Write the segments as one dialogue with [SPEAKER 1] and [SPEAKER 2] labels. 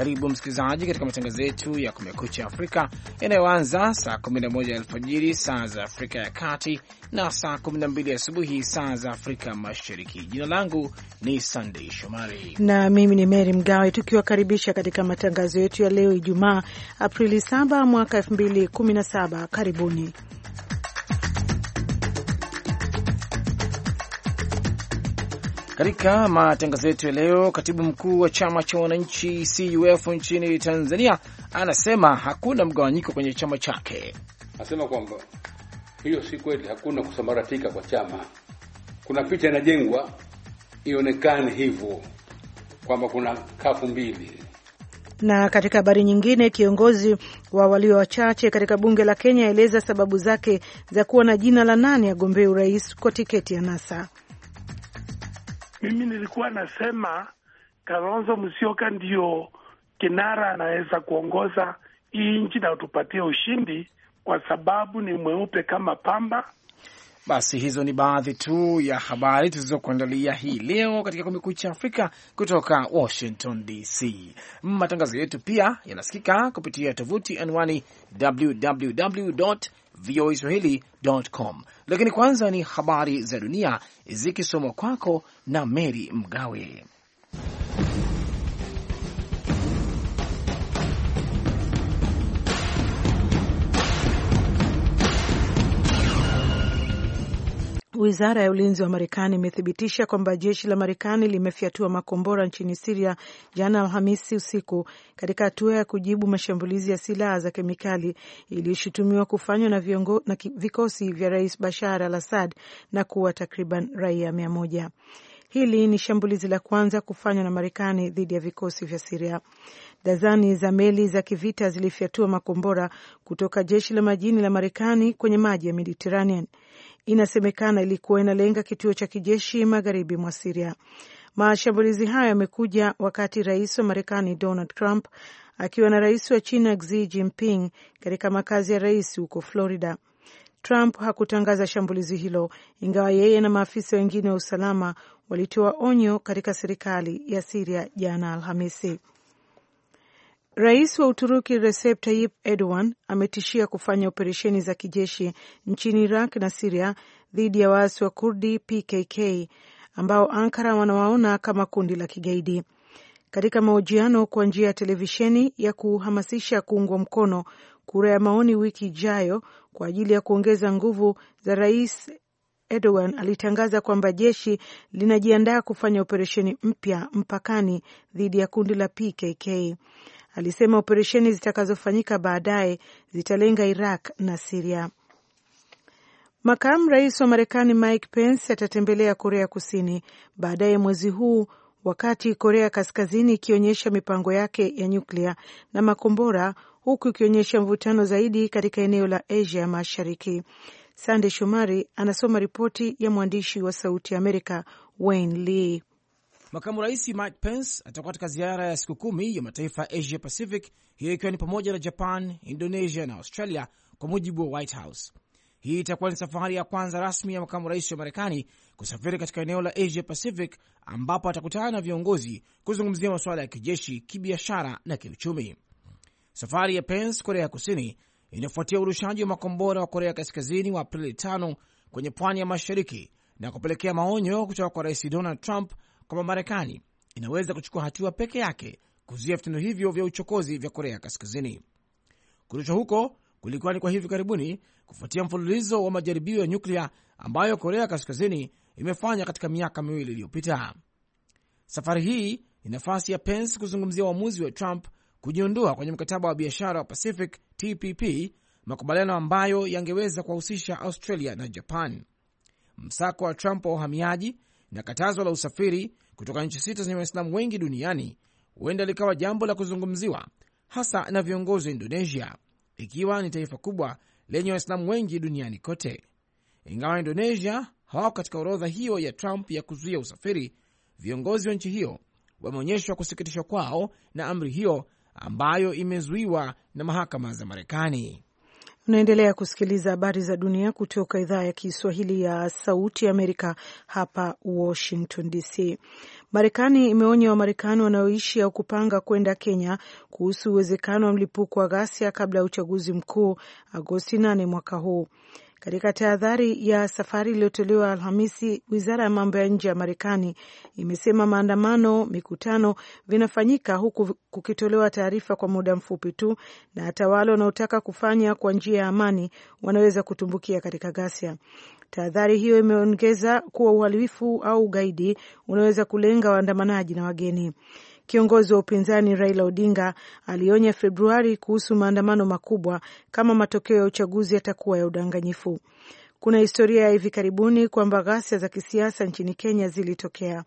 [SPEAKER 1] Karibu msikilizaji katika matangazo yetu ya Kumekucha Afrika yanayoanza saa 11 alfajiri saa za Afrika ya Kati na saa 12 asubuhi saa za Afrika Mashariki. Jina langu ni Sandei Shomari
[SPEAKER 2] na mimi ni mery Mgawe, tukiwakaribisha katika matangazo yetu ya leo Ijumaa Aprili 7 mwaka 2017. Karibuni.
[SPEAKER 1] Katika matangazo yetu ya leo, katibu mkuu wa chama cha wananchi CUF nchini Tanzania anasema hakuna mgawanyiko kwenye chama chake.
[SPEAKER 3] Anasema kwamba hiyo si kweli, hakuna kusambaratika kwa chama. Kuna picha inajengwa ionekane hivyo kwamba kuna kafu mbili.
[SPEAKER 2] Na katika habari nyingine, kiongozi wa walio wachache katika bunge la Kenya aeleza sababu zake za kuwa na jina la nane agombee urais kwa tiketi ya NASA.
[SPEAKER 4] Mimi nilikuwa nasema Kalonzo Musyoka ndio kinara anaweza kuongoza hii nchi na utupatie ushindi kwa sababu ni mweupe kama pamba.
[SPEAKER 1] Basi hizo ni baadhi tu ya habari tulizokuandalia hii leo katika Kumekucha Afrika kutoka Washington DC. Matangazo yetu pia yanasikika kupitia tovuti anwani www voa Lakini kwanza ni habari za dunia zikisomwa kwako na Mary Mgawe.
[SPEAKER 2] Wizara ya ulinzi wa Marekani imethibitisha kwamba jeshi la Marekani limefyatua makombora nchini Siria jana Alhamisi usiku katika hatua ya kujibu mashambulizi ya silaha za kemikali iliyoshutumiwa kufanywa na viongo, na vikosi vya Rais Bashar al Assad na kuwa takriban raia mia moja. Hili ni shambulizi la kwanza kufanywa na Marekani dhidi ya vikosi vya Siria. Dazani za meli za kivita zilifyatua makombora kutoka jeshi la majini la Marekani kwenye maji ya Mediterranean inasemekana ilikuwa inalenga kituo cha kijeshi magharibi mwa Siria. Mashambulizi hayo yamekuja wakati rais wa Marekani Donald Trump akiwa na rais wa China Xi Jinping katika makazi ya rais huko Florida. Trump hakutangaza shambulizi hilo, ingawa yeye na maafisa wengine wa usalama walitoa onyo katika serikali ya Siria jana Alhamisi. Rais wa Uturuki Recep Tayyip Erdogan ametishia kufanya operesheni za kijeshi nchini Iraq na Siria dhidi ya waasi wa Kurdi PKK ambao Ankara wanawaona kama kundi la kigaidi. Katika mahojiano kwa njia ya televisheni ya kuhamasisha kuungwa mkono kura ya maoni wiki ijayo kwa ajili ya kuongeza nguvu za rais, Erdogan alitangaza kwamba jeshi linajiandaa kufanya operesheni mpya mpakani dhidi ya kundi la PKK alisema operesheni zitakazofanyika baadaye zitalenga Iraq na Siria. Makamu rais wa Marekani Mike Pence atatembelea Korea Kusini baadaye mwezi huu, wakati Korea Kaskazini ikionyesha mipango yake ya nyuklia na makombora, huku ikionyesha mvutano zaidi katika eneo la Asia Mashariki. Sande Shomari anasoma ripoti ya mwandishi wa Sauti ya Amerika Wayne Lee. Makamu Rais
[SPEAKER 1] Mike Pence atakuwa katika ziara ya siku kumi ya mataifa ya Asia Pacific, hiyo ikiwa ni pamoja na Japan, Indonesia na Australia, kwa mujibu wa White House. Hii itakuwa ni safari ya kwanza rasmi ya makamu rais wa Marekani kusafiri katika eneo la Asia Pacific, ambapo atakutana na viongozi kuzungumzia masuala ya kijeshi, kibiashara na kiuchumi. Safari ya Pence Korea Kusini inafuatia urushaji wa makombora wa Korea Kaskazini wa Aprili 5 kwenye pwani ya mashariki na kupelekea maonyo kutoka kwa rais Donald Trump kwamba Marekani inaweza kuchukua hatua peke yake kuzuia vitendo hivyo vya uchokozi vya Korea Kaskazini. Kurushwa huko kulikuwa ni kwa hivi karibuni kufuatia mfululizo wa majaribio ya nyuklia ambayo Korea Kaskazini imefanya katika miaka miwili iliyopita. Safari hii ni nafasi ya Pence kuzungumzia uamuzi wa Trump kujiondoa kwenye mkataba wa biashara wa Pacific TPP, makubaliano ambayo yangeweza kuwahusisha Australia na Japan. Msako wa Trump wa uhamiaji na katazo la usafiri kutoka nchi sita zenye Waislamu wengi duniani huenda likawa jambo la kuzungumziwa hasa na viongozi wa Indonesia, ikiwa ni taifa kubwa lenye Waislamu wengi duniani kote. Ingawa Indonesia hawako katika orodha hiyo ya Trump ya kuzuia usafiri, viongozi wa nchi hiyo wameonyeshwa kusikitishwa kwao na amri hiyo ambayo imezuiwa na mahakama za Marekani.
[SPEAKER 2] Unaendelea kusikiliza habari za dunia kutoka idhaa ya Kiswahili ya Sauti Amerika hapa Washington DC. Marekani imeonya Wamarekani wanaoishi au kupanga kwenda Kenya kuhusu uwezekano wa mlipuko wa ghasia kabla ya uchaguzi mkuu Agosti 8 mwaka huu. Katika tahadhari ya safari iliyotolewa Alhamisi, wizara ya mambo ya nje ya Marekani imesema maandamano, mikutano vinafanyika huku kukitolewa taarifa kwa muda mfupi tu, na hata wale wanaotaka kufanya kwa njia ya amani wanaweza kutumbukia katika ghasia. Tahadhari hiyo imeongeza kuwa uhalifu au ugaidi unaweza kulenga waandamanaji na wageni. Kiongozi wa upinzani Raila Odinga alionya Februari kuhusu maandamano makubwa kama matokeo ya uchaguzi yatakuwa ya udanganyifu. Kuna historia ya hivi karibuni kwamba ghasia za kisiasa nchini Kenya zilitokea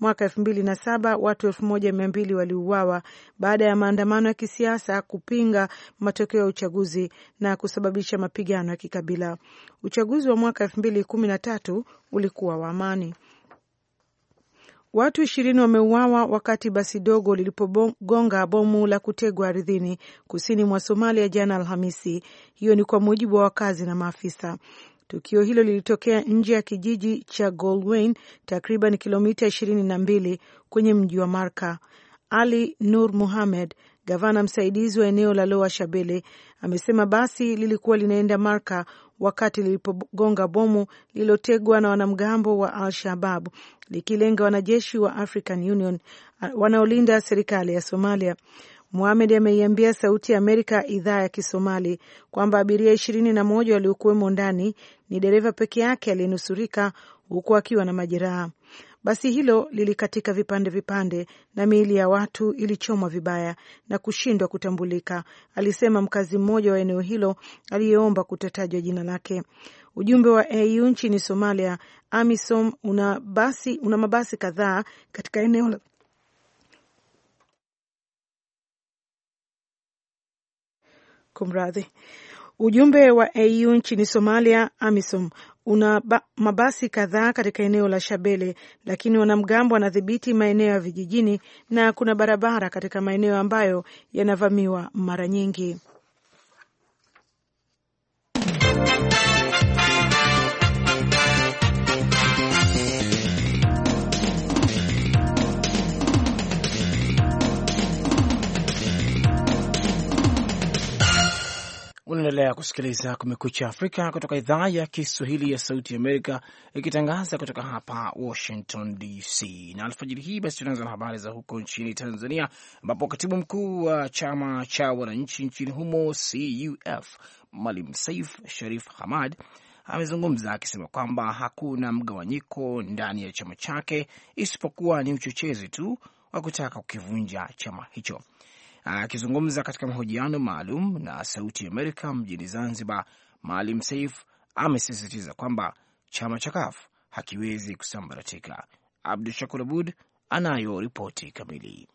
[SPEAKER 2] mwaka elfu mbili na saba. Watu elfu moja mia mbili waliuawa baada ya maandamano ya kisiasa kupinga matokeo ya uchaguzi na kusababisha mapigano ya kikabila. Uchaguzi wa mwaka elfu mbili kumi na tatu ulikuwa wa amani. Watu ishirini wameuawa wakati basi dogo lilipogonga bomu la kutegwa ardhini kusini mwa Somalia jana Alhamisi. Hiyo ni kwa mujibu wa wakazi na maafisa. Tukio hilo lilitokea nje ya kijiji cha Golwayn, takriban kilomita ishirini na mbili kwenye mji wa Marka. Ali Nur Muhamed Gavana msaidizi wa eneo la loa Shabele amesema basi lilikuwa linaenda Marka wakati lilipogonga bomu lililotegwa na wanamgambo wa Al Shabab likilenga wanajeshi wa African Union wanaolinda serikali ya Somalia. muhamed ameiambia Sauti ya Amerika idhaa ya Kisomali kwamba abiria ishirini na moja waliokuwemo ndani ni dereva peke yake aliyenusurika huku akiwa na majeraha. Basi hilo lilikatika vipande vipande na miili ya watu ilichomwa vibaya na kushindwa kutambulika, alisema mkazi mmoja wa eneo hilo aliyeomba kutatajwa jina lake. Ujumbe wa AU nchini Somalia, AMISOM, una basi, una mabasi kadhaa katika eneo la kumradhi. Ujumbe wa AU nchini Somalia, AMISOM, una mabasi kadhaa katika eneo la Shabele, lakini wanamgambo wanadhibiti maeneo ya vijijini na kuna barabara katika maeneo ambayo yanavamiwa mara nyingi.
[SPEAKER 1] Unaendelea kusikiliza Kumekucha Afrika kutoka idhaa ya Kiswahili ya Sauti ya Amerika, ikitangaza kutoka hapa Washington DC. Na alfajiri hii basi, tunaanza na habari za huko nchini Tanzania, ambapo katibu mkuu wa chama cha wananchi nchini humo CUF Mwalim Saif Sharif Hamad amezungumza akisema kwamba hakuna mgawanyiko ndani ya chama chake isipokuwa ni uchochezi tu wa kutaka kukivunja chama hicho. Akizungumza katika mahojiano maalum na Sauti Amerika mjini Zanzibar, Maalim Seif amesisitiza kwamba chama cha KAF hakiwezi kusambaratika. Abdu Shakur Abud anayo ripoti
[SPEAKER 5] kamili.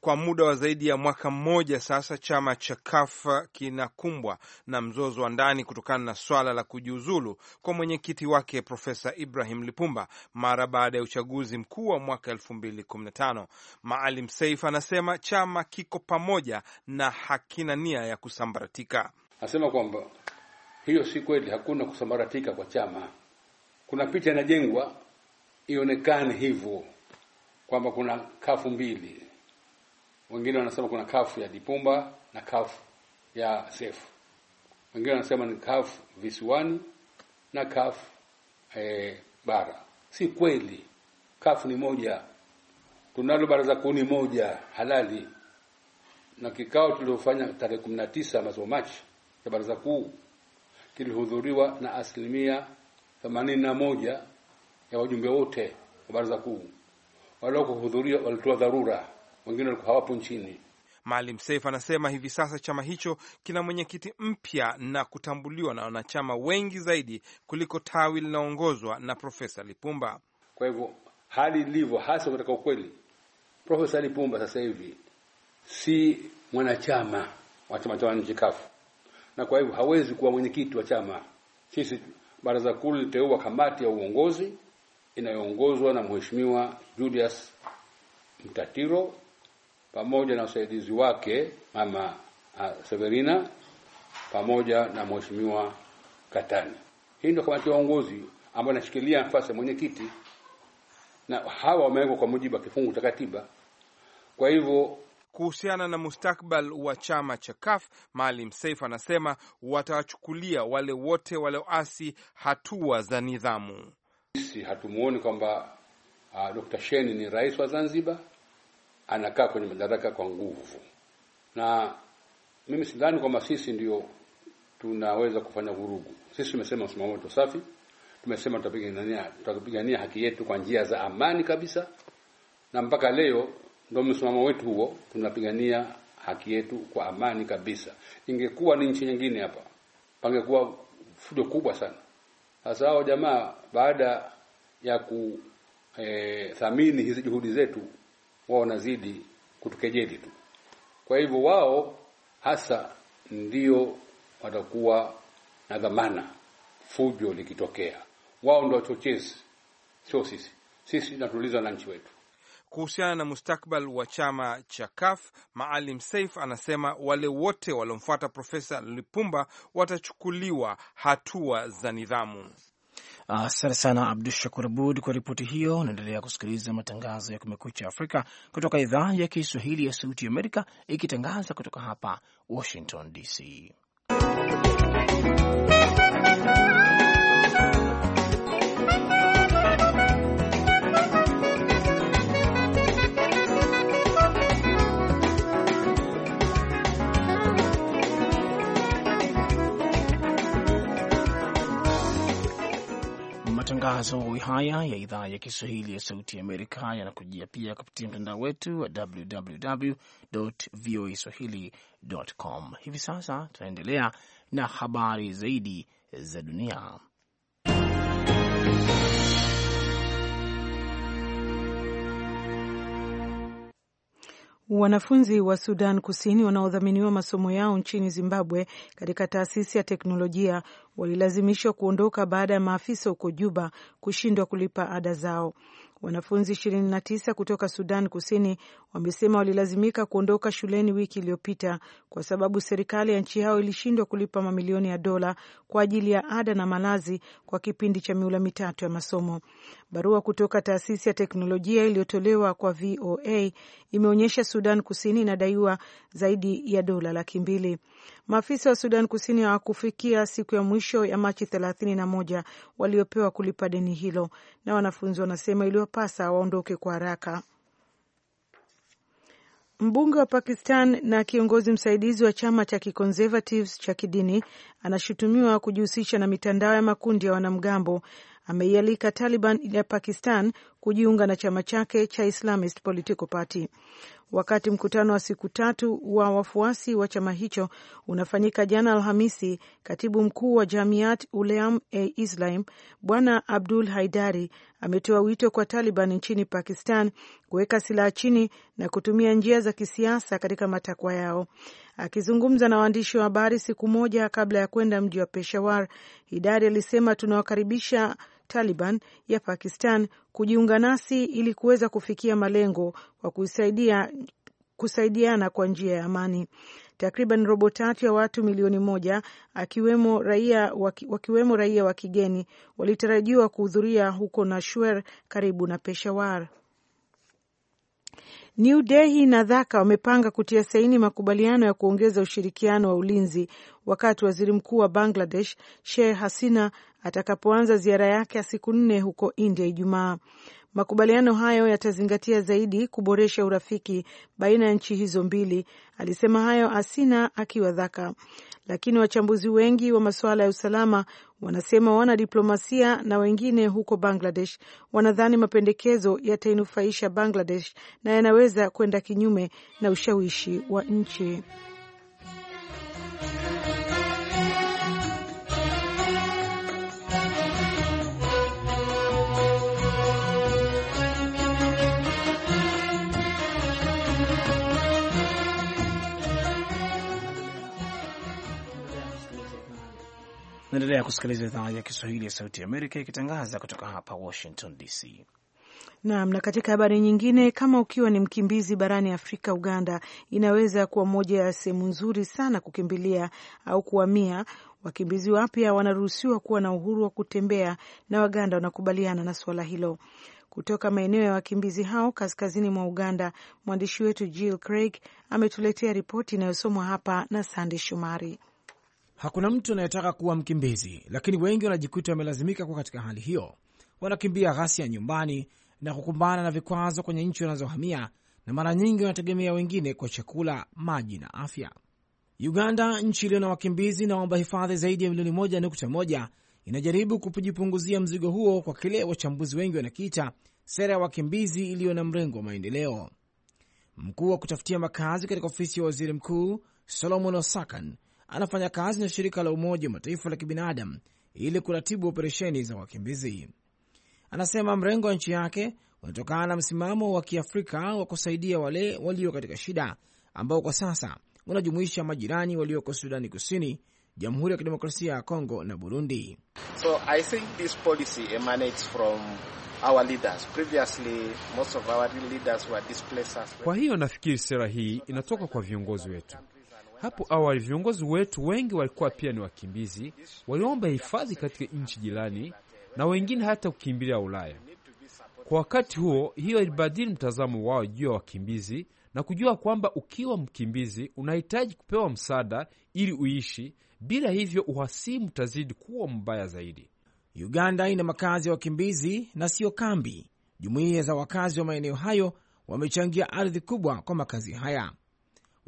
[SPEAKER 5] Kwa muda wa zaidi ya mwaka mmoja sasa, chama cha KAF kinakumbwa na mzozo wa ndani kutokana na swala la kujiuzulu kwa mwenyekiti wake Profesa Ibrahim Lipumba mara baada ya uchaguzi mkuu wa mwaka 2015. Maalim Seif anasema chama kiko pamoja na hakina nia ya
[SPEAKER 3] kusambaratika. Anasema kwamba hiyo si kweli, hakuna kusambaratika kwa chama. Kuna picha inajengwa ionekane hivyo kwamba kuna kafu mbili wengine wanasema kuna kafu ya Dipumba na kafu ya Sefu, wengine wanasema ni kafu visiwani na kafu e, bara. Si kweli, kafu ni moja. Tunalo baraza kuu ni moja halali, na kikao tuliofanya tarehe 19 mwezi Machi cha baraza kuu kilihudhuriwa na asilimia moja ya wajumbe wote wa baraza kuu. Waliokuhudhuria walitoa dharura wengine walikuwa hawapo nchini.
[SPEAKER 5] Maalim Seif anasema hivi sasa chama hicho kina mwenyekiti mpya na kutambuliwa na wanachama wengi zaidi kuliko tawi
[SPEAKER 3] linaongozwa na Profesa Lipumba. Kwa hivyo hali ilivyo hasa, katika ukweli, Profesa Lipumba sasa hivi si mwanachama wa chama cha wananchi kafu, na kwa hivyo hawezi kuwa mwenyekiti wa chama. Sisi baraza kuu liliteua kamati ya uongozi inayoongozwa na Mheshimiwa Julius Mtatiro pamoja na usaidizi wake mama ah, Severina pamoja na mheshimiwa Katani. Hii ndio kamati ya uongozi ambayo inashikilia nafasi ya mwenyekiti, na hawa wamewekwa kwa mujibu wa kifungu cha katiba. Kwa hivyo kuhusiana na mustakbal
[SPEAKER 5] wa chama cha CUF, Maalim Seif anasema watawachukulia wale wote walioasi hatua za
[SPEAKER 3] nidhamu. Sisi hatumuoni kwamba uh, ah, Dr. Sheni ni rais wa Zanzibar anakaa kwenye madaraka kwa nguvu, na mimi sidhani kwamba sisi ndio tunaweza kufanya vurugu. Sisi tumesema msimamo wetu safi, tumesema tutapigania tutapigania haki yetu kwa njia za amani kabisa, na mpaka leo ndio msimamo wetu huo, tunapigania haki yetu kwa amani kabisa. Ingekuwa ni nchi nyingine hapa, pangekuwa fujo kubwa sana. Sasa hao jamaa baada ya kuthamini eh, e, hizi juhudi zetu wao wanazidi kutukejeli tu. Kwa hivyo wao hasa ndio watakuwa na dhamana fujo likitokea. Wao ndio wachochezi, sio sisi. Sisi tunatuliza wananchi wetu.
[SPEAKER 5] Kuhusiana na mustakbal wa chama cha KAF, Maalim Seif anasema wale wote waliomfuata Profesa Lipumba watachukuliwa hatua za nidhamu.
[SPEAKER 1] Asante sana Abdu Shakur Abud kwa ripoti hiyo. Unaendelea kusikiliza matangazo ya Kumekucha Afrika kutoka idhaa ya Kiswahili ya Sauti Amerika, ikitangaza kutoka hapa Washington DC. Matangazo haya ya idhaa ya Kiswahili ya Sauti Amerika yanakujia pia kupitia mtandao wetu wa www voa swahili.com. Hivi sasa tunaendelea na habari zaidi za dunia.
[SPEAKER 2] Wanafunzi wa Sudan Kusini wanaodhaminiwa masomo yao nchini Zimbabwe katika taasisi ya teknolojia walilazimishwa kuondoka baada ya maafisa huko Juba kushindwa kulipa ada zao. Wanafunzi 29 kutoka Sudan Kusini wamesema walilazimika kuondoka shuleni wiki iliyopita kwa sababu serikali ya nchi yao ilishindwa kulipa mamilioni ya dola kwa ajili ya ada na malazi kwa kipindi cha miula mitatu ya masomo. Barua kutoka taasisi ya teknolojia iliyotolewa kwa VOA imeonyesha Sudan Kusini inadaiwa zaidi ya dola laki mbili. Maafisa wa Sudan Kusini hawakufikia siku ya mwisho ya Machi thelathini na moja waliopewa kulipa deni hilo, na wanafunzi wanasema iliwapasa waondoke kwa haraka. Mbunge wa Pakistan na kiongozi msaidizi wa chama cha kiconservatives cha kidini anashutumiwa kujihusisha na mitandao ya makundi ya wanamgambo ameialika Taliban ya Pakistan kujiunga na chama chake cha Islamist Political Party. Wakati mkutano wa siku tatu wa wafuasi wa chama hicho unafanyika jana Alhamisi, katibu mkuu wa Jamiat Uleam e Islam Bwana Abdul Haidari ametoa wito kwa Taliban nchini Pakistan kuweka silaha chini na kutumia njia za kisiasa katika matakwa yao. Akizungumza na waandishi wa habari siku moja kabla ya kwenda mji wa Peshawar, Hidari alisema tunawakaribisha Taliban ya Pakistan kujiunga nasi ili kuweza kufikia malengo kwa kusaidia, kusaidiana kwa njia ya amani. Takriban robo tatu ya watu milioni moja akiwemo raia, wakiwemo raia wa kigeni walitarajiwa kuhudhuria huko Nashwer karibu na Peshawar. New Delhi na Dhaka wamepanga kutia saini makubaliano ya kuongeza ushirikiano wa ulinzi wakati waziri mkuu wa Bangladesh Sheikh Hasina atakapoanza ziara yake ya siku nne huko India Ijumaa. Makubaliano hayo yatazingatia zaidi kuboresha urafiki baina ya nchi hizo mbili. Alisema hayo Hasina akiwa Dhaka lakini wachambuzi wengi wa masuala ya usalama wanasema wanadiplomasia na wengine huko Bangladesh wanadhani mapendekezo yatainufaisha Bangladesh na yanaweza kwenda kinyume na ushawishi wa nchi.
[SPEAKER 1] Naendelea kusikiliza idhaa ya Kiswahili ya Sauti ya Amerika ikitangaza kutoka hapa Washington DC.
[SPEAKER 2] Naam, na katika habari nyingine, kama ukiwa ni mkimbizi barani Afrika, Uganda inaweza kuwa moja ya sehemu nzuri sana kukimbilia au kuhamia. Wakimbizi wapya wanaruhusiwa kuwa na uhuru wa kutembea na Waganda wanakubaliana na suala hilo. Kutoka maeneo ya wakimbizi hao kaskazini mwa Uganda, mwandishi wetu Jill Craig ametuletea ripoti inayosomwa hapa na sandey Shumari.
[SPEAKER 1] Hakuna mtu anayetaka kuwa mkimbizi, lakini wengi wanajikuta wamelazimika kuwa katika hali hiyo. Wanakimbia ghasia nyumbani na kukumbana na vikwazo kwenye nchi wanazohamia, na mara nyingi wanategemea wengine kwa chakula, maji na afya. Uganda, nchi iliyo na wakimbizi na waomba hifadhi zaidi ya milioni moja nukta moja, inajaribu kujipunguzia mzigo huo kwa kile wachambuzi wengi wanakiita sera ya wakimbizi iliyo na mrengo wa maendeleo. Mkuu wa kutafutia makazi katika ofisi ya waziri mkuu Solomon Osakan anafanya kazi na shirika la Umoja wa Mataifa la kibinadamu ili kuratibu operesheni za wakimbizi. Anasema mrengo wa nchi yake unatokana na msimamo wa Kiafrika wa kusaidia wale walio katika shida, ambao kwa sasa unajumuisha majirani walioko Sudani Kusini, Jamhuri ya Kidemokrasia ya Kongo na Burundi.
[SPEAKER 6] So I think this policy emanates from our leaders. Previously, most of our leaders were
[SPEAKER 5] Kwa hiyo nafikiri sera hii inatoka kwa viongozi wetu hapo awali viongozi wetu wengi walikuwa pia ni wakimbizi, waliomba hifadhi katika nchi jirani na wengine hata kukimbilia Ulaya. Kwa wakati huo, hiyo ilibadili mtazamo wao juu ya wakimbizi na kujua kwamba ukiwa mkimbizi unahitaji kupewa msaada ili
[SPEAKER 1] uishi, bila hivyo uhasimu utazidi kuwa mbaya zaidi. Uganda ina makazi ya wakimbizi na siyo kambi. Jumuiya za wakazi wa maeneo hayo wamechangia ardhi kubwa kwa makazi haya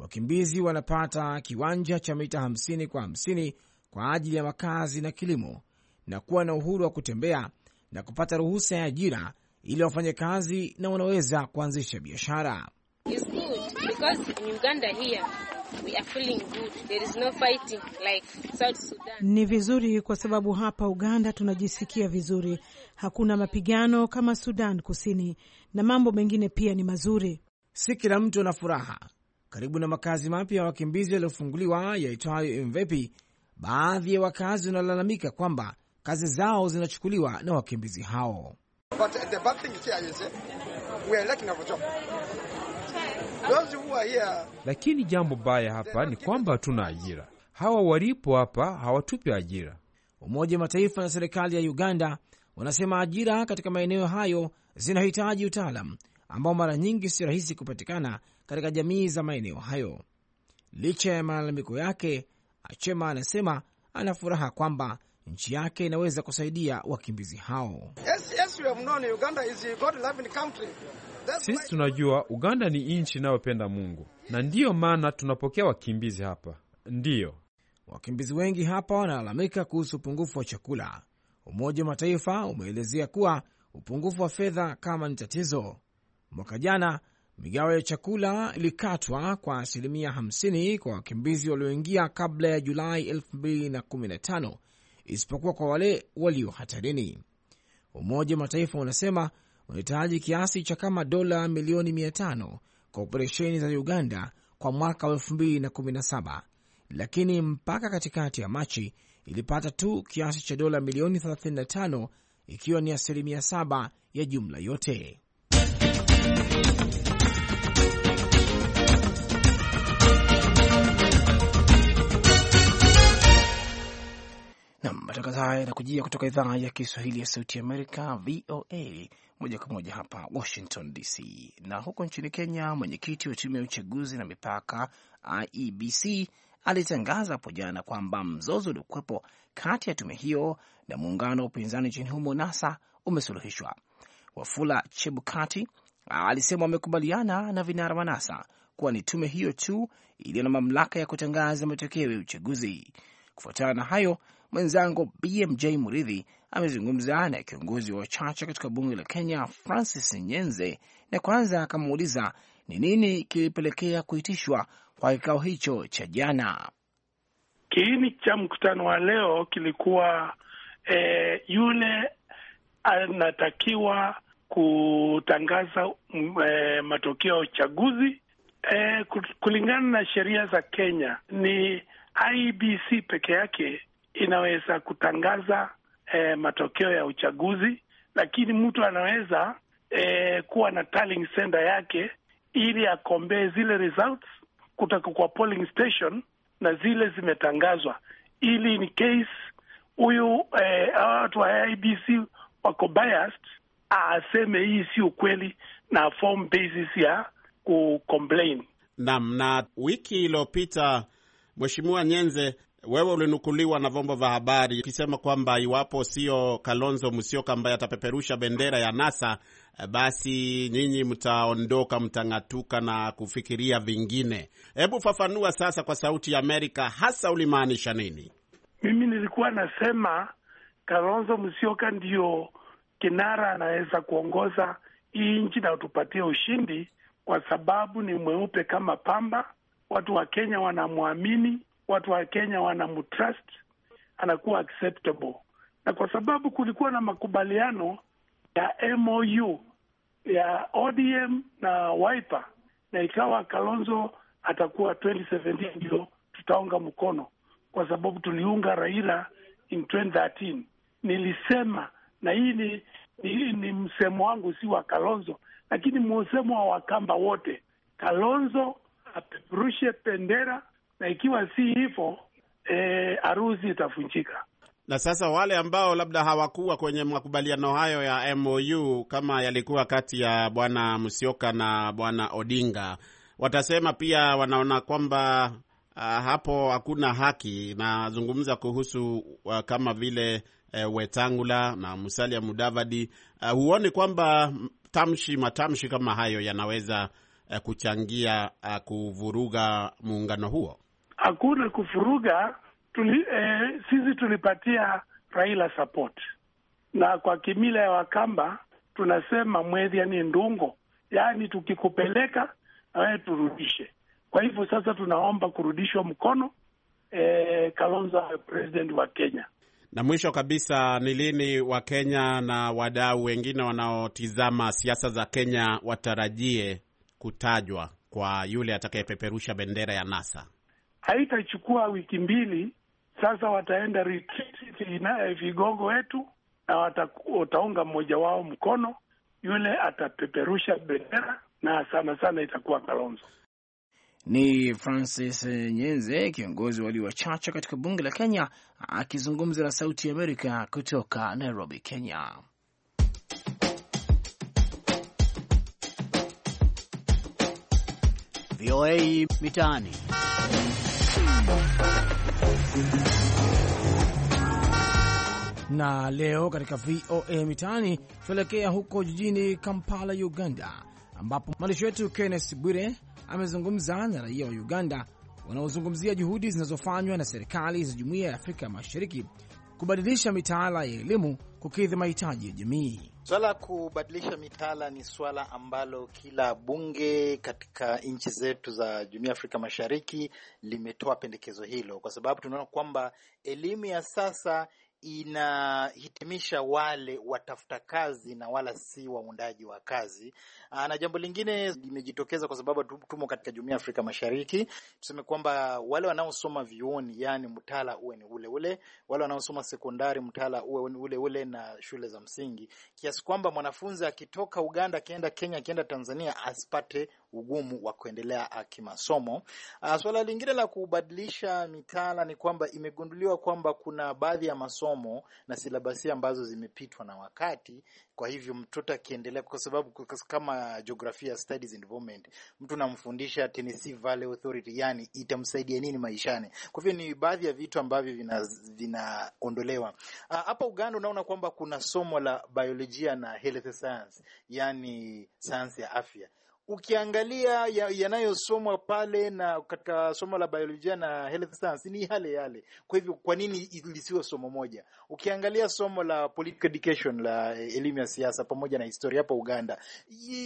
[SPEAKER 1] wakimbizi wanapata kiwanja cha mita 50 kwa 50 kwa ajili ya makazi na kilimo na kuwa na uhuru wa kutembea na kupata ruhusa ya ajira ili wafanye kazi na wanaweza kuanzisha biashara.
[SPEAKER 2] Ni vizuri kwa sababu hapa Uganda tunajisikia vizuri, hakuna mapigano kama Sudan Kusini, na mambo mengine pia ni mazuri.
[SPEAKER 1] Si kila mtu ana furaha, karibu na makazi mapya ya wakimbizi yaliyofunguliwa yaitwayo mvepi baadhi ya wakazi wanalalamika kwamba kazi zao zinachukuliwa na wakimbizi hao.
[SPEAKER 5] Lakini jambo baya hapa ni kwamba hatuna ajira. Hawa
[SPEAKER 1] walipo hapa hawatupi ajira. Umoja wa Mataifa na serikali ya Uganda wanasema ajira katika maeneo hayo zinahitaji utaalam ambao mara nyingi si rahisi kupatikana katika jamii za maeneo hayo. Licha ya malalamiko yake, Achema anasema ana furaha kwamba nchi yake inaweza kusaidia wakimbizi hao. Yes, yes, sisi tunajua Uganda ni nchi inayopenda Mungu na ndiyo maana tunapokea wakimbizi hapa. Ndiyo wakimbizi wengi hapa wanalalamika kuhusu upungufu wa chakula. Umoja wa Mataifa umeelezea kuwa upungufu wa fedha kama ni tatizo. Mwaka jana Migawo ya chakula ilikatwa kwa asilimia 50 kwa wakimbizi walioingia kabla ya Julai 2015 isipokuwa kwa wale walio hatarini. Umoja wa Mataifa unasema unahitaji kiasi cha kama dola milioni 500 kwa operesheni za Uganda kwa mwaka wa 2017, lakini mpaka katikati ya Machi ilipata tu kiasi cha dola milioni 35 ikiwa ni asilimia 7 ya jumla yote. haya yanakujia kutoka idhaa ya Kiswahili ya Sauti Amerika, VOA, moja kwa moja hapa Washington DC. Na huko nchini Kenya, mwenyekiti wa tume ya uchaguzi na mipaka IEBC alitangaza hapo jana kwamba mzozo uliokuwepo kati ya tume hiyo na muungano wa upinzani nchini humo NASA umesuluhishwa. Wafula Chebukati ah, alisema wamekubaliana na vinara wa NASA kuwa ni tume hiyo tu iliyo na mamlaka ya kutangaza matokeo ya uchaguzi. Kufuatana na hayo, Mwenzangu BMJ Muridhi amezungumza na kiongozi wa wachache katika bunge la Kenya, Francis Nyenze, na kwanza akamuuliza ni nini kilipelekea kuitishwa kwa kikao hicho cha jana.
[SPEAKER 4] Kiini cha mkutano wa leo kilikuwa e, yule anatakiwa kutangaza e, matokeo ya uchaguzi e, kulingana na sheria za Kenya ni IBC peke yake inaweza kutangaza eh, matokeo ya uchaguzi, lakini mtu anaweza eh, kuwa na tallying center yake ili akombee zile results kutoka kwa polling station na zile zimetangazwa, ili in case huyu eh, watu wa IBC wako biased, aseme hii si ukweli na form basis ya
[SPEAKER 7] kucomplain. Naam, na wiki iliyopita Mheshimiwa Nyenze wewe ulinukuliwa na vyombo vya habari ukisema kwamba iwapo sio Kalonzo Musyoka ambaye atapeperusha bendera ya NASA, eh, basi nyinyi mtaondoka, mtang'atuka na kufikiria vingine. Hebu fafanua sasa kwa Sauti ya Amerika, hasa ulimaanisha nini?
[SPEAKER 4] Mimi nilikuwa nasema Kalonzo Musyoka ndio kinara anaweza kuongoza hii nchi na utupatie ushindi, kwa sababu ni mweupe kama pamba, watu wa Kenya wanamwamini watu wa Kenya wanamtrust, anakuwa acceptable. Na kwa sababu kulikuwa na makubaliano ya MOU ya ODM na Wiper, na ikawa Kalonzo atakuwa 2017 ndio tutaunga mkono, kwa sababu tuliunga Raila in 2013. Nilisema na hii ni, ni, ni msemo wangu, si wa Kalonzo lakini msemo wa Wakamba wote, Kalonzo apeperushe bendera na ikiwa si hivyo eh, harusi e, itavunjika.
[SPEAKER 7] Na sasa wale ambao labda hawakuwa kwenye makubaliano hayo ya MOU kama yalikuwa kati ya bwana Musyoka na bwana Odinga watasema pia wanaona kwamba uh, hapo hakuna haki. Nazungumza kuhusu uh, kama vile uh, Wetangula na Musalia Mudavadi. Uh, huoni kwamba tamshi matamshi kama hayo yanaweza uh, kuchangia uh, kuvuruga muungano huo?
[SPEAKER 4] hakuna kufuruga tuli, eh, sisi tulipatia Raila support, na kwa kimila ya Wakamba tunasema mwethia ni ndungo, yaani tukikupeleka na wewe turudishe. Kwa hivyo sasa tunaomba kurudishwa mkono eh, Kalonzo president wa Kenya.
[SPEAKER 7] Na mwisho kabisa, ni lini Wakenya na wadau wengine wanaotizama siasa za Kenya watarajie kutajwa kwa yule atakayepeperusha bendera ya NASA?
[SPEAKER 4] haitachukua wiki mbili. Sasa wataenda retreat vigogo wetu na wataunga mmoja wao mkono, yule atapeperusha bendera na sana sana itakuwa Kalonzo.
[SPEAKER 1] Ni Francis Nyenze, kiongozi walio wachache katika bunge la Kenya, akizungumza na Sauti ya Amerika kutoka Nairobi, Kenya. VOA Mitaani. Na leo katika VOA Mitaani tuelekea huko jijini Kampala, Uganda, ambapo mwandishi wetu Kenneth Bwire amezungumza na raia wa Uganda wanaozungumzia juhudi zinazofanywa na serikali za Jumuiya ya Afrika Mashariki kubadilisha mitaala ya elimu kukidhi mahitaji ya jamii.
[SPEAKER 6] Swala la kubadilisha mitaala ni swala ambalo kila bunge katika nchi zetu za Jumuiya ya Afrika Mashariki limetoa pendekezo hilo, kwa sababu tunaona kwamba elimu ya sasa inahitimisha wale watafuta kazi na wala si waundaji wa kazi. Ah, na jambo lingine limejitokeza kwa sababu tumo katika jumuiya ya Afrika Mashariki, tuseme kwamba wale wanaosoma vyuoni, yani mtaala uwe ni ule ule, wale wanaosoma sekondari mtaala uwe ni ule ule, na shule za msingi, kiasi kwamba mwanafunzi akitoka Uganda akienda Kenya akienda Tanzania asipate ugumu wa kuendelea ah, kimasomo. Ah, swala lingine la kubadilisha mitaala ni kwamba imegunduliwa kwamba kuna baadhi ya masomo na silabasi ambazo zimepitwa na wakati. Kwa hivyo mtoto akiendelea, kwa sababu kama Geography Studies and Development, mtu namfundisha Tennessee Valley Authority, yani itamsaidia nini maishani? Kwa hivyo ni baadhi ya vitu ambavyo vinaondolewa vina ah, hapa. Uganda unaona kwamba kuna somo la biolojia na health science, yani sayansi ya afya ukiangalia yanayosomwa ya pale na katika somo la biolojia na health science ni yale yale. Kwa hivyo kwa nini lisiwe somo moja? Ukiangalia somo la political education la elimu ya siasa pamoja na historia hapa Uganda,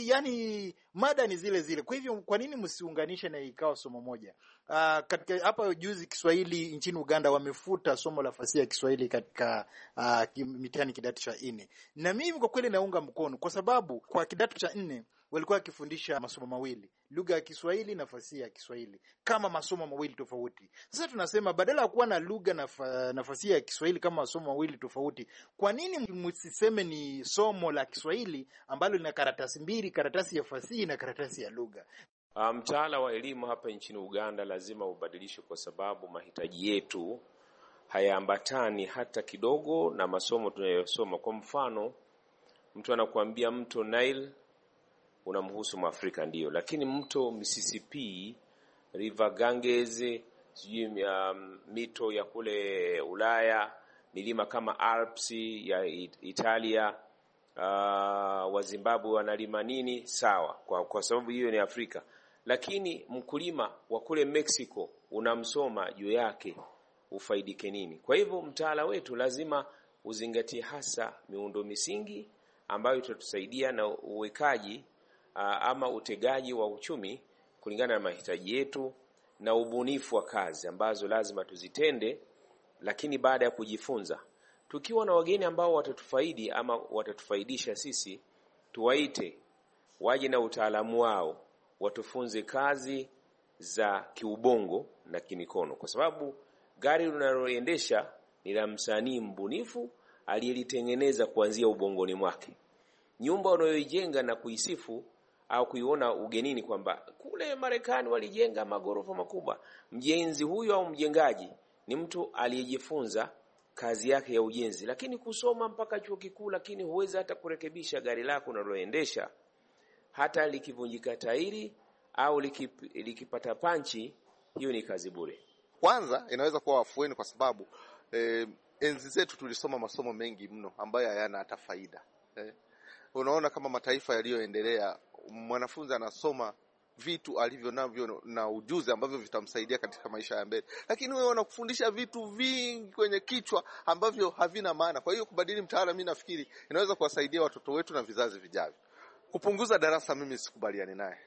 [SPEAKER 6] yaani mada ni zile zile. Kwa hivyo kwa nini msiunganishe na ikawa somo moja? Uh, katika hapa juzi Kiswahili nchini Uganda wamefuta somo la fasihi ya Kiswahili katika uh, ah, mitihani kidato cha nne, na mimi kwa kweli naunga mkono kwa sababu kwa kidato cha nne walikuwa wakifundisha masomo mawili, lugha ya Kiswahili na fasihi ya Kiswahili kama masomo mawili tofauti. Sasa tunasema badala ya kuwa na lugha na, na fasihi ya Kiswahili kama masomo mawili tofauti, kwa nini msiseme ni somo la Kiswahili ambalo lina karatasi mbili, karatasi ya fasihi na karatasi ya lugha?
[SPEAKER 8] Ah, mtaala um, wa elimu hapa nchini Uganda lazima ubadilishwe kwa sababu mahitaji yetu hayaambatani hata kidogo na masomo tunayosoma. Kwa mfano, mtu anakuambia mto Nile unamhusu Mwafrika ndiyo, lakini mto Mississippi, River Ganges, sijui um, mito ya kule Ulaya, milima kama Alps ya Italia, uh, Wazimbabwe wanalima nini? Sawa, kwa, kwa sababu hiyo ni Afrika, lakini mkulima wa kule Mexico unamsoma juu yake ufaidike nini? Kwa hivyo mtaala wetu lazima uzingatie hasa miundo misingi ambayo itatusaidia na uwekaji ama utegaji wa uchumi kulingana na mahitaji yetu na ubunifu wa kazi ambazo lazima tuzitende, lakini baada ya kujifunza, tukiwa na wageni ambao watatufaidi ama watatufaidisha sisi, tuwaite waje na utaalamu wao watufunze kazi za kiubongo na kimikono, kwa sababu gari unaloendesha ni la msanii mbunifu aliyelitengeneza kuanzia ubongoni mwake. Nyumba unayoijenga na kuisifu au kuiona ugenini kwamba kule Marekani walijenga magorofa makubwa. Mjenzi huyo au mjengaji ni mtu aliyejifunza kazi yake ya ujenzi, lakini kusoma mpaka chuo kikuu, lakini huwezi hata kurekebisha gari lako unaloendesha. Hata likivunjika tairi au
[SPEAKER 9] likip, likipata panchi, hiyo ni kazi bure. Kwanza inaweza kuwa wafueni kwa sababu eh, enzi zetu tulisoma masomo mengi mno ambayo hayana hata faida eh. Unaona, kama mataifa yaliyoendelea mwanafunzi anasoma vitu alivyo navyo na ujuzi ambavyo vitamsaidia katika maisha ya mbele, lakini wewe wanakufundisha vitu vingi kwenye kichwa ambavyo havina maana. Kwa hiyo kubadili mtaala, mimi nafikiri inaweza kuwasaidia watoto wetu na vizazi vijavyo. Kupunguza darasa, mimi sikubaliani naye,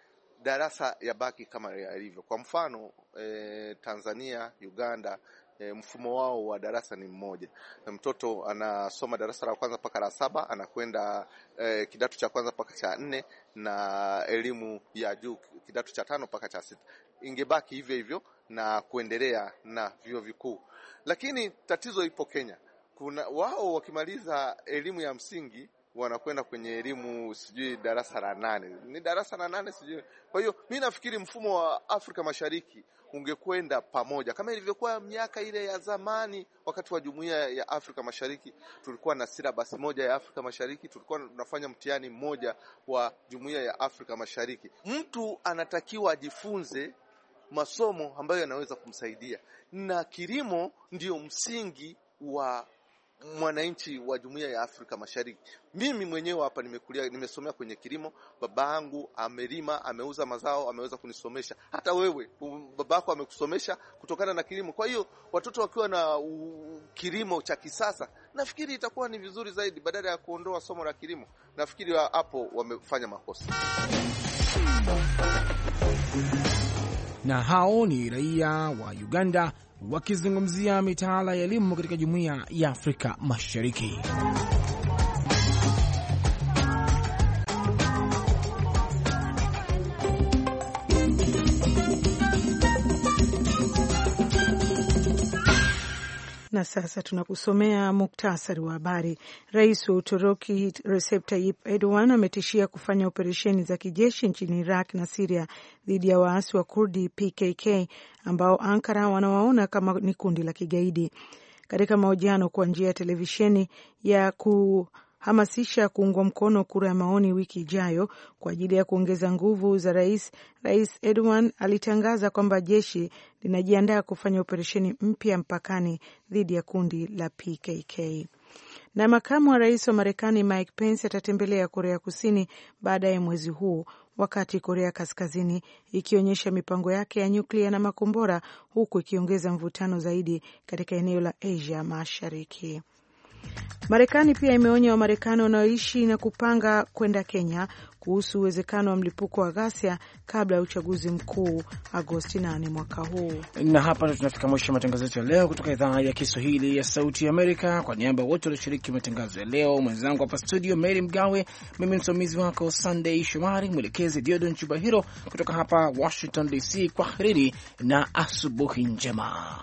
[SPEAKER 9] darasa ya baki kama yalivyo. Kwa mfano eh, Tanzania, Uganda e, mfumo wao wa darasa ni mmoja. Mtoto anasoma darasa la kwanza mpaka la saba anakwenda e, kidato cha kwanza mpaka cha nne na elimu ya juu kidato cha tano mpaka cha sita. Ingebaki hivyo hivyo na kuendelea na vyuo vikuu, lakini tatizo ipo Kenya. Kuna wao wakimaliza elimu ya msingi wanakwenda kwenye elimu sijui darasa la nane, ni darasa la nane sijui. Kwa hiyo mi nafikiri mfumo wa Afrika Mashariki ungekwenda pamoja kama ilivyokuwa miaka ile ya zamani. Wakati wa jumuiya ya Afrika Mashariki tulikuwa na silabasi moja ya Afrika Mashariki, tulikuwa tunafanya mtihani mmoja wa jumuiya ya Afrika Mashariki. Mtu anatakiwa ajifunze masomo ambayo yanaweza kumsaidia, na kilimo ndiyo msingi wa mwananchi wa jumuiya ya Afrika Mashariki. Mimi mwenyewe hapa nimekulia, nimesomea kwenye kilimo, babangu amelima, ameuza mazao, ameweza kunisomesha. Hata wewe babako amekusomesha kutokana na kilimo. Kwa hiyo watoto wakiwa na u, kilimo cha kisasa, nafikiri itakuwa ni vizuri zaidi, badala ya kuondoa somo la kilimo. Nafikiri hapo wa, wamefanya makosa.
[SPEAKER 1] Na hao ni raia wa Uganda wakizungumzia mitaala ya elimu katika jumuiya ya Afrika Mashariki.
[SPEAKER 2] Na sasa tunakusomea muktasari wa habari. Rais wa Uturuki Recep Tayyip Erdogan ametishia kufanya operesheni za kijeshi nchini Iraq na Siria dhidi ya waasi wa Kurdi PKK ambao Ankara wanawaona kama ni kundi la kigaidi. Katika mahojiano kwa njia ya televisheni ya ku hamasisha kuungwa mkono kura ya maoni wiki ijayo kwa ajili ya kuongeza nguvu za rais, Rais Erdogan alitangaza kwamba jeshi linajiandaa kufanya operesheni mpya mpakani dhidi ya kundi la PKK na makamu wa rais wa Marekani Mike Pence atatembelea Korea Kusini baadaye mwezi huu, wakati Korea Kaskazini ikionyesha mipango yake ya nyuklia na makombora, huku ikiongeza mvutano zaidi katika eneo la Asia Mashariki. Marekani pia imeonya Wamarekani wanaoishi na kupanga kwenda Kenya kuhusu uwezekano wa mlipuko wa ghasia kabla ya uchaguzi mkuu Agosti 8 mwaka huu.
[SPEAKER 1] Na hapa ndo tunafika mwisho wa matangazo yetu ya leo kutoka idhaa ya Kiswahili ya Sauti Amerika. Kwa niaba ya wote walioshiriki matangazo ya leo, mwenzangu hapa studio Mary Mgawe, mimi msimamizi wako sandey Shomari, mwelekezi Diodon Chubahiro kutoka hapa Washington DC. Kwaherini na asubuhi njema.